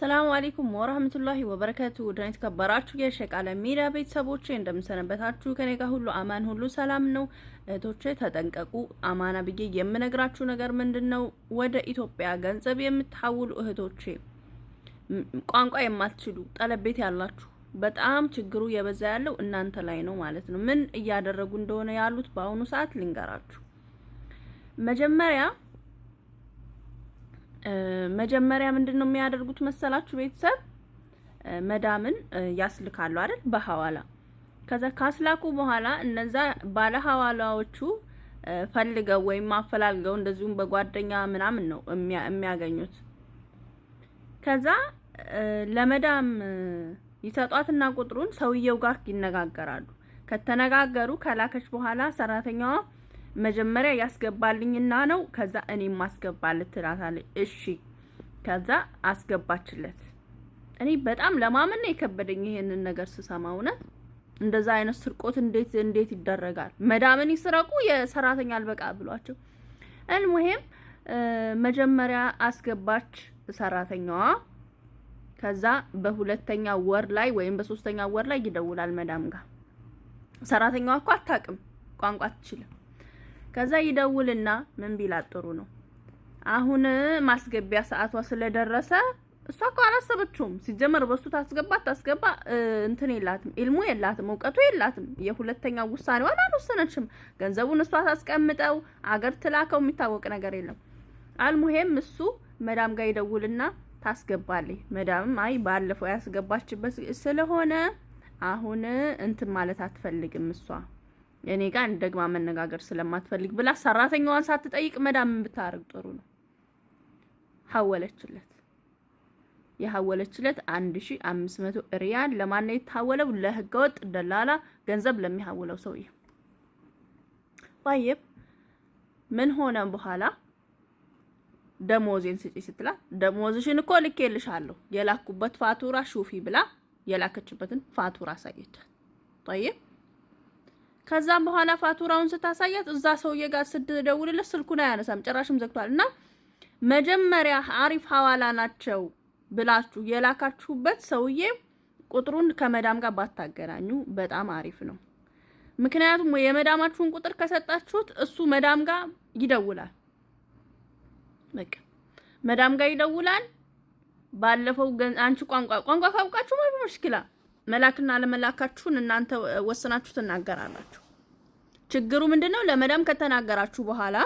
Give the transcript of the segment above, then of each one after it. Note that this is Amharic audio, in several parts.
ሰላም አለይኩም ወራህመቱላሂ ወበረከቱ ደህና የተከበራችሁ የሸቃለ ሚዲያ ቤተሰቦቼ እንደምሰነበታችሁ። ከኔ ጋር ሁሉ አማን ሁሉ ሰላም ነው። እህቶቼ ተጠንቀቁ። አማና ብዬ የምነግራችሁ ነገር ምንድነው? ወደ ኢትዮጵያ ገንዘብ የምትሐውሉ እህቶቼ፣ ቋንቋ የማትችሉ ጠለቤት ያላችሁ፣ በጣም ችግሩ የበዛ ያለው እናንተ ላይ ነው ማለት ነው። ምን እያደረጉ እንደሆነ ያሉት በአሁኑ ሰዓት ልንገራችሁ መጀመሪያ መጀመሪያ ምንድን ነው የሚያደርጉት መሰላችሁ? ቤተሰብ መዳምን ያስልካሉ አይደል? በሐዋላ ከዛ ካስላኩ በኋላ እነዛ ባለ ፈልገው ወይም ማፈላልገው እንደዚሁም በጓደኛ ምናምን ነው የሚያገኙት። ከዛ ለመዳም ይሰጧትና ቁጥሩን ሰውየው ጋር ይነጋገራሉ። ከተነጋገሩ ከላከች በኋላ ሰራተኛዋ መጀመሪያ ያስገባልኝና ነው ከዛ እኔም ማስገባለት ትላታለች። እሺ ከዛ አስገባችለት። እኔ በጣም ለማመን ነው የከበደኝ ይሄንን ነገር ስሰማ። እውነት እንደዛ አይነት ስርቆት እንዴት እንዴት ይደረጋል? መዳምን ይስረቁ የሰራተኛ አልበቃ ብሏቸው አልሙሄም መጀመሪያ አስገባች ሰራተኛዋ። ከዛ በሁለተኛ ወር ላይ ወይም በሶስተኛ ወር ላይ ይደውላል መዳም ጋር። ሰራተኛዋ እኮ አታውቅም፣ ቋንቋ አትችልም። ከዛ ይደውልና ምን ቢላት ጥሩ ነው? አሁን ማስገቢያ ሰዓቷ ስለደረሰ እሷ እኮ አላሰበችውም። ሲጀመር በሱ ታስገባ ታስገባ እንትን የላትም፣ ኢልሙ የላትም፣ እውቀቱ የላትም። የሁለተኛ ውሳኔዋን አልወሰነችም። ገንዘቡን እሷ ታስቀምጠው አገር ትላከው የሚታወቅ ነገር የለም። አልሙሄም እሱ መዳም ጋር ይደውልና ታስገባለች። መዳም አይ ባለፈው ያስገባችበት ስለሆነ አሁን እንትን ማለት አትፈልግም እሷ እኔ ጋር ደግማ መነጋገር ስለማትፈልግ ብላ ሰራተኛዋን ሳትጠይቅ መዳም ብታረግ ጥሩ ነው። ሀወለችለት የሀወለችለት ሺ መቶ ሪያል ለማን ነው የታወለው? ለህገወጥ ደላላ ገንዘብ ለሚሀውለው ሰውዬ። ባየብ ምን ሆነ በኋላ ደሞዜን ስጪ ስትላት ደሞዝሽን እኮ ልኬልሻለሁ የላኩበት ፋቱራ ሹፊ ብላ የላከችበትን ፋቱራ አሳየቻት። ጠይብ ከዛም በኋላ ፋቱራውን ስታሳያት እዛ ሰውዬ ጋር ስትደውልለት ስልኩን አያነሳም፣ ጭራሽም ዘግቷል። እና መጀመሪያ አሪፍ ሀዋላ ናቸው ብላችሁ የላካችሁበት ሰውዬ ቁጥሩን ከመዳም ጋር ባታገናኙ በጣም አሪፍ ነው። ምክንያቱም የመዳማችሁን ቁጥር ከሰጣችሁት እሱ መዳም ጋር ይደውላል። በቃ መዳም ጋር ይደውላል። ባለፈው አንቺ ቋንቋ ቋንቋ ካውቃችሁ ማለት ነው መላክና አለመላካችሁን እናንተ ወስናችሁ ትናገራላችሁ። ችግሩ ምንድነው? ለመዳም ከተናገራችሁ በኋላ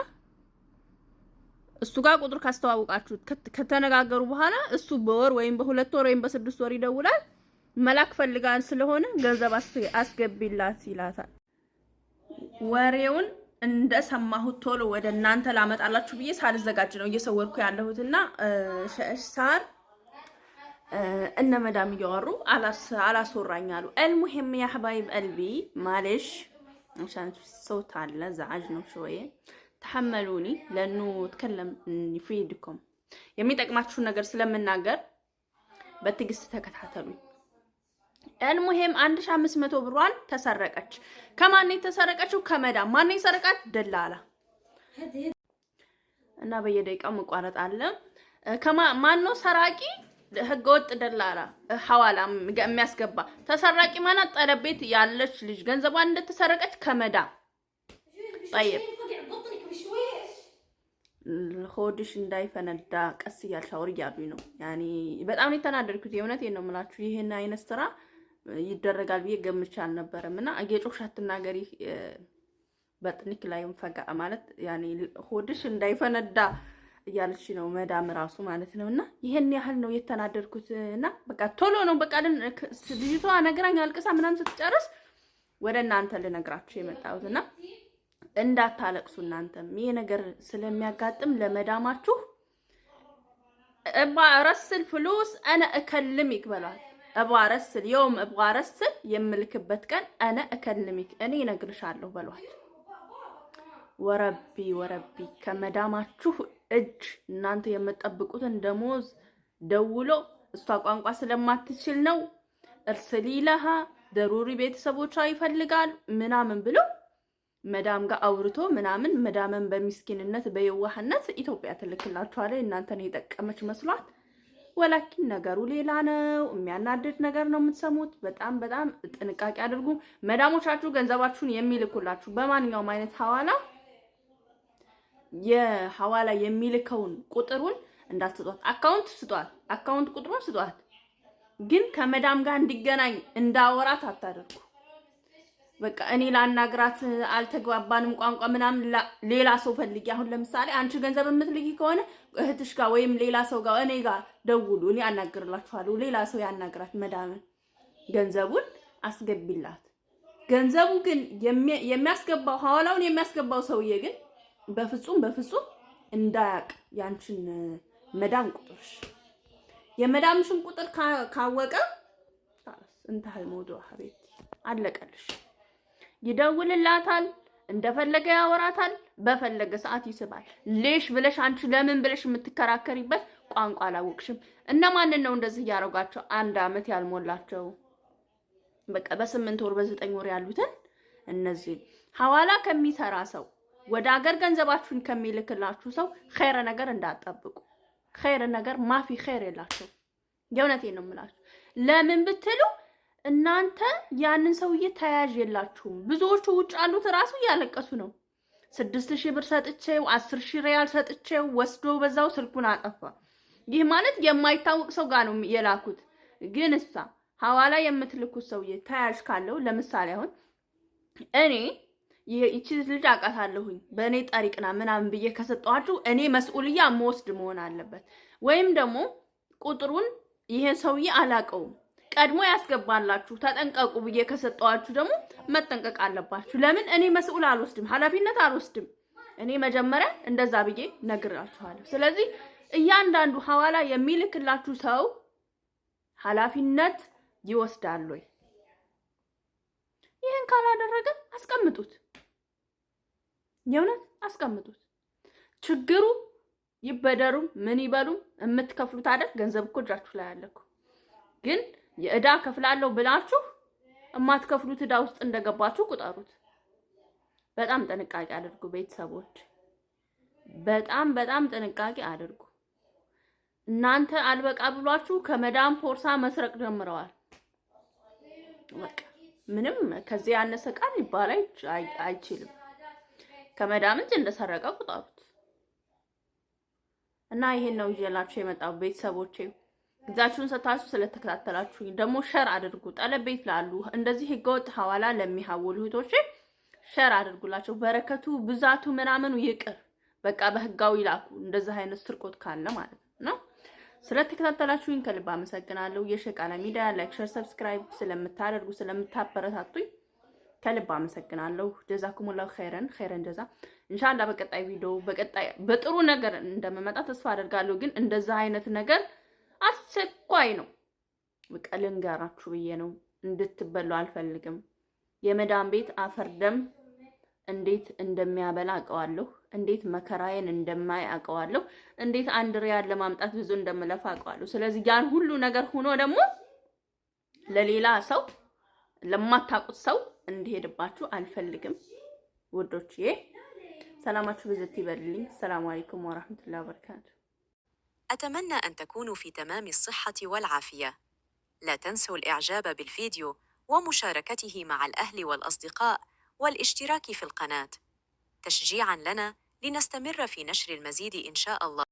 እሱ ጋር ቁጥር ካስተዋወቃችሁ ከተነጋገሩ በኋላ እሱ በወር ወይም በሁለት ወር ወይም በስድስት ወር ይደውላል። መላክ ፈልጋን ስለሆነ ገንዘብ አስገቢላት ይላታል። ወሬውን እንደሰማሁት ቶሎ ወደ እናንተ ላመጣላችሁ ብዬ ሳልዘጋጅ ነው እየሰወርኩ ያለሁትና ሳር እነ መዳም እያወሩ አላስወራኝ አሉ። አልሙሂም ያ ሐባይብ ቀልቢ ማለሽ ሰውት አለ ዛዓጅ ነው ሸወየ ተሐመሉኒ ለኑ ትከለም ፊድኩም የሚጠቅማችሁ ነገር ስለምናገር በትዕግስት ተከታተሉኝ። አልሙሂም 1500 ብሯን ተሰረቀች። ከማን የተሰረቀችው? ከመዳም። ማን ነው የሰረቃት? ደላላ እና በየደቂቃው መቋረጥ አለ። ከማን ነው ሰራቂ? ህገወጥ ደላላ ሐዋላ የሚያስገባ ተሰራቂ ማናት? ጠረቤት ያለች ልጅ ገንዘቧን እንደተሰረቀች ከመዳ ጠይቅ። ሆድሽ እንዳይፈነዳ ቀስ እያልሽ አውሪ እያሉኝ ነው። ያኔ በጣም ነው የተናደድኩት። የእውነቴን ነው የምላችሁ። ይሄን አይነት ስራ ይደረጋል ብዬ ገምቼ አልነበረም። እና እየጮሽ አትናገሪ በጥንክ ላይ ፈጋ ማለት ያኔ ሆድሽ እንዳይፈነዳ እያለች ነው መዳም ራሱ ማለት ነው። እና ይህን ያህል ነው የተናደድኩት። እና በቃ ቶሎ ነው በቃ ልጅቷ ነግራኝ አልቅሳ ምናምን ስትጨርስ ወደ እናንተ ልነግራችሁ የመጣሁት እና እንዳታለቅሱ እናንተም ይሄ ነገር ስለሚያጋጥም ለመዳማችሁ እባረስል ፍሉስ አነ እከልሚክ በሏል። እባረስል የውም እባረስል የምልክበት ቀን አነ እከልሚክ እኔ እነግርሻለሁ በሏል። ወረቢ ወረቢ ከመዳማችሁ እጅ እናንተ የምትጠብቁትን ደሞዝ ደውሎ እሷ ቋንቋ ስለማትችል ነው እርስሊለሃ ደሩሪ ቤተሰቦቿ ይፈልጋል ምናምን ብሎ መዳም ጋር አውርቶ ምናምን መዳመን በሚስኪንነት በየዋህነት ኢትዮጵያ ትልክላችኋለ እናንተን የጠቀመች መስሏት ወላኪን ነገሩ ሌላ ነው። የሚያናድድ ነገር ነው የምትሰሙት። በጣም በጣም ጥንቃቄ አድርጉ። መዳሞቻችሁ ገንዘባችሁን የሚልኩላችሁ በማንኛውም አይነት ሐዋላ የሐዋላ የሚልከውን ቁጥሩን እንዳትስጧት። አካውንት ስጧት፣ አካውንት ቁጥሩን ስጧት። ግን ከመዳም ጋር እንዲገናኝ እንዳወራት አታደርጉ። በቃ እኔ ላናግራት አልተግባባንም፣ ቋንቋ ምናምን ሌላ ሰው ፈልጊ። አሁን ለምሳሌ አንቺ ገንዘብ የምትልጊ ከሆነ እህትሽ ጋር ወይም ሌላ ሰው ጋር እኔ ጋር ደውሉ፣ እኔ አናግርላችኋለሁ። ሌላ ሰው ያናግራት መዳምን፣ ገንዘቡን አስገቢላት። ገንዘቡ ግን የሚያስገባው ሐዋላውን የሚያስገባው ሰውዬ ግን በፍጹም በፍጹም እንዳያቅ ያንቺን መዳም ቁጥርሽ የመዳምሽን ቁጥር ካወቀ እንታል ሞዶ ሀቤት አለቀልሽ። ይደውልላታል፣ እንደፈለገ ያወራታል፣ በፈለገ ሰዓት ይስባል። ሌሽ ብለሽ አንቺ ለምን ብለሽ የምትከራከሪበት ቋንቋ አላወቅሽም። ማንን ነው እንደዚህ እያደረጓቸው አንድ አመት ያልሞላቸው በቃ በስምንት ወር በዘጠኝ ወር ያሉትን እነዚህ ሀዋላ ከሚሰራ ሰው ወደ አገር ገንዘባችሁን ከሚልክላችሁ ሰው ኸይረ ነገር እንዳጠብቁ ኸይረ ነገር ማፊ ኸይር የላቸው። የእውነቴን ነው የምላችሁ። ለምን ብትሉ እናንተ ያንን ሰውዬ ተያዥ የላችሁም። ብዙዎቹ ውጭ አሉት እራሱ እያለቀሱ ነው። ስድስት ሺህ ብር ሰጥቼው አስር ሺህ ሪያል ሰጥቼው ወስዶ በዛው ስልኩን አጠፋ። ይህ ማለት የማይታወቅ ሰው ጋር ነው የላኩት። ግን እሳ ሀዋላ የምትልኩት ሰውዬ ተያዥ ካለው ለምሳሌ አሁን እኔ ይቺ ልጅ አውቃታለሁኝ በእኔ ጠሪቅና ምናምን ብዬ ከሰጠኋችሁ እኔ መስኡልያ መወስድ መሆን አለበት። ወይም ደግሞ ቁጥሩን ይሄን ሰውዬ አላውቀውም ቀድሞ ያስገባላችሁ ተጠንቀቁ ብዬ ከሰጠኋችሁ ደግሞ መጠንቀቅ አለባችሁ። ለምን እኔ መስኡል አልወስድም፣ ኃላፊነት አልወስድም። እኔ መጀመሪያ እንደዛ ብዬ ነግራችኋለሁ። ስለዚህ እያንዳንዱ ሐዋላ የሚልክላችሁ ሰው ኃላፊነት ይወስዳል ወይ? ይህን ካላደረገ አስቀምጡት። የእውነት አስቀምጡት። ችግሩ ይበደሩም ምን ይበሉም የምትከፍሉት አይደል? ገንዘብ እኮ እጃችሁ ላይ አለ እኮ። ግን የእዳ ከፍላለሁ ብላችሁ የማትከፍሉት እዳ ውስጥ እንደገባችሁ ቁጠሩት። በጣም ጥንቃቄ አድርጉ ቤተሰቦች፣ በጣም በጣም ጥንቃቄ አድርጉ። እናንተ አልበቃ ብሏችሁ ከመዳም ፖርሳ መስረቅ ጀምረዋል። በቃ ምንም ከዚህ ያነሰ ቃል ሊባል አይችልም። ከመዳምንት እንደሰረቀ ቁጠሩት። እና ይሄን ነው ይዤላችሁ የመጣው ቤተሰቦቼ። ጊዜያችሁን ሰታችሁ ስለተከታተላችሁ ደግሞ ሸር አድርጉ። ጠለብ ቤት ላሉ እንደዚህ ህገወጥ ሐዋላ ለሚሐውሉ እህቶች ሸር አድርጉላቸው። በረከቱ ብዛቱ ምናምኑ ይቅር፣ በቃ በህጋዊ ላኩ። እንደዚህ አይነት ስርቆት ካለ ማለት ነው። ስለተከታተላችሁኝ ከልብ አመሰግናለሁ። የሸቃላ ሚዲያ ላይክ፣ ሸር፣ ሰብስክራይብ ስለምታደርጉ ስለምታበረታቱኝ ከልብ አመሰግናለሁ። ጀዛኩሙላሁ ኸይረን ኸይረን ጀዛ። እንሻላ በቀጣይ ቪዲዮ በቀጣይ በጥሩ ነገር እንደምመጣ ተስፋ አደርጋለሁ። ግን እንደዛ አይነት ነገር አስቸኳይ ነው። በቃ ልንገራችሁ ብዬ ነው። እንድትበሉ አልፈልግም። የመዳን ቤት አፈርደም እንዴት እንደሚያበላ አውቀዋለሁ። እንዴት መከራዬን እንደማይ አውቀዋለሁ። እንዴት አንድ ሪያል ለማምጣት ብዙ እንደምለፋ አውቀዋለሁ። ስለዚህ ያን ሁሉ ነገር ሆኖ ደግሞ ለሌላ ሰው ለማታውቁት ሰው እንዲሄድባችሁ አልፈልግም ውዶችዬ። ሰላማችሁ ብዝት ይበልልኝ። ሰላም አለይኩም ወራህመቱላሂ ወበረካቱ። أتمنى أن تكونوا في تمام الصحة والعافية. لا تنسوا الإعجاب بالفيديو ومشاركته مع الأهل والأصدقاء والاشتراك في القناة تشجيعا لنا لنستمر في نشر المزيد إن شاء الله